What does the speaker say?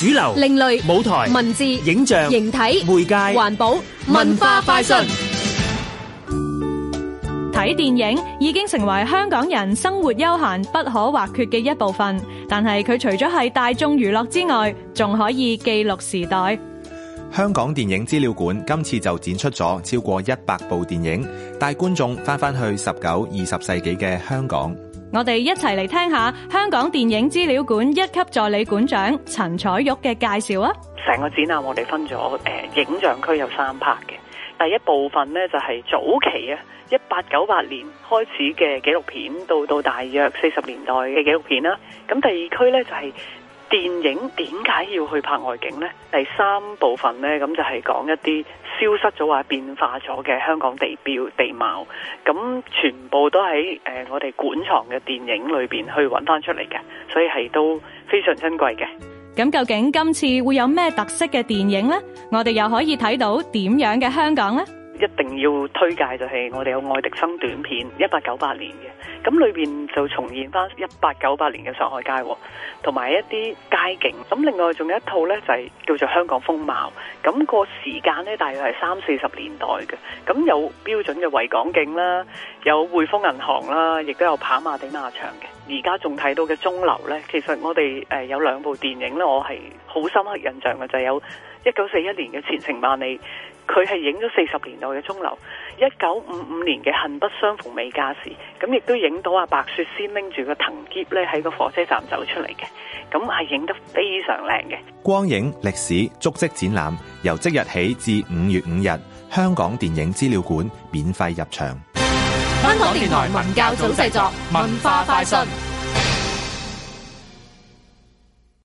主流、另類舞台、文字、影像、形體、媒介、環保、文化快訊。睇電影已經成為香港人生活休閑不可或缺嘅一部分，但係佢除咗係大眾娛樂之外，仲可以記錄時代。香港電影資料館今次就展出咗超過一百部電影，帶觀眾翻返去十九、二十世紀嘅香港。我哋一齊嚟聽下香港電影資料館一級助理館長陳彩玉嘅介紹啊！成個展覽我哋分咗誒、呃、影像區有三 part 嘅，第一部分呢，就係、是、早期啊，一八九八年開始嘅紀錄片，到到大約四十年代嘅紀錄片啦。咁第二區呢，就係、是。電影點解要去拍外景呢？第三部分呢，咁就係講一啲消失咗，話變化咗嘅香港地標地貌，咁全部都喺誒、呃、我哋館藏嘅電影裏邊去揾翻出嚟嘅，所以係都非常珍貴嘅。咁究竟今次會有咩特色嘅電影呢？我哋又可以睇到點樣嘅香港呢？一定要推介就係我哋有愛迪生短片一八九八年嘅，咁裏邊就重現翻一八九八年嘅上海街，同埋一啲街景。咁另外仲有一套咧就係叫做《香港風貌》，咁個時間咧大約係三四十年代嘅。咁有標準嘅維港景啦，有匯豐銀行啦，亦都有跑馬地馬場嘅。而家仲睇到嘅鐘樓咧，其實我哋誒有兩部電影咧，我係好深刻印象嘅，就係有一九四一年嘅《前程萬里》，佢係影咗四十年代嘅中。一九五五年嘅《恨不相逢未嫁時》，咁亦都影到阿白雪仙拎住個藤喼咧，喺個火車站走出嚟嘅。咁係影得非常靚嘅光影歷史足跡展覽，由即日起至五月五日，香港電影資料館免費入場。香港電台文教組製作，文化快訊。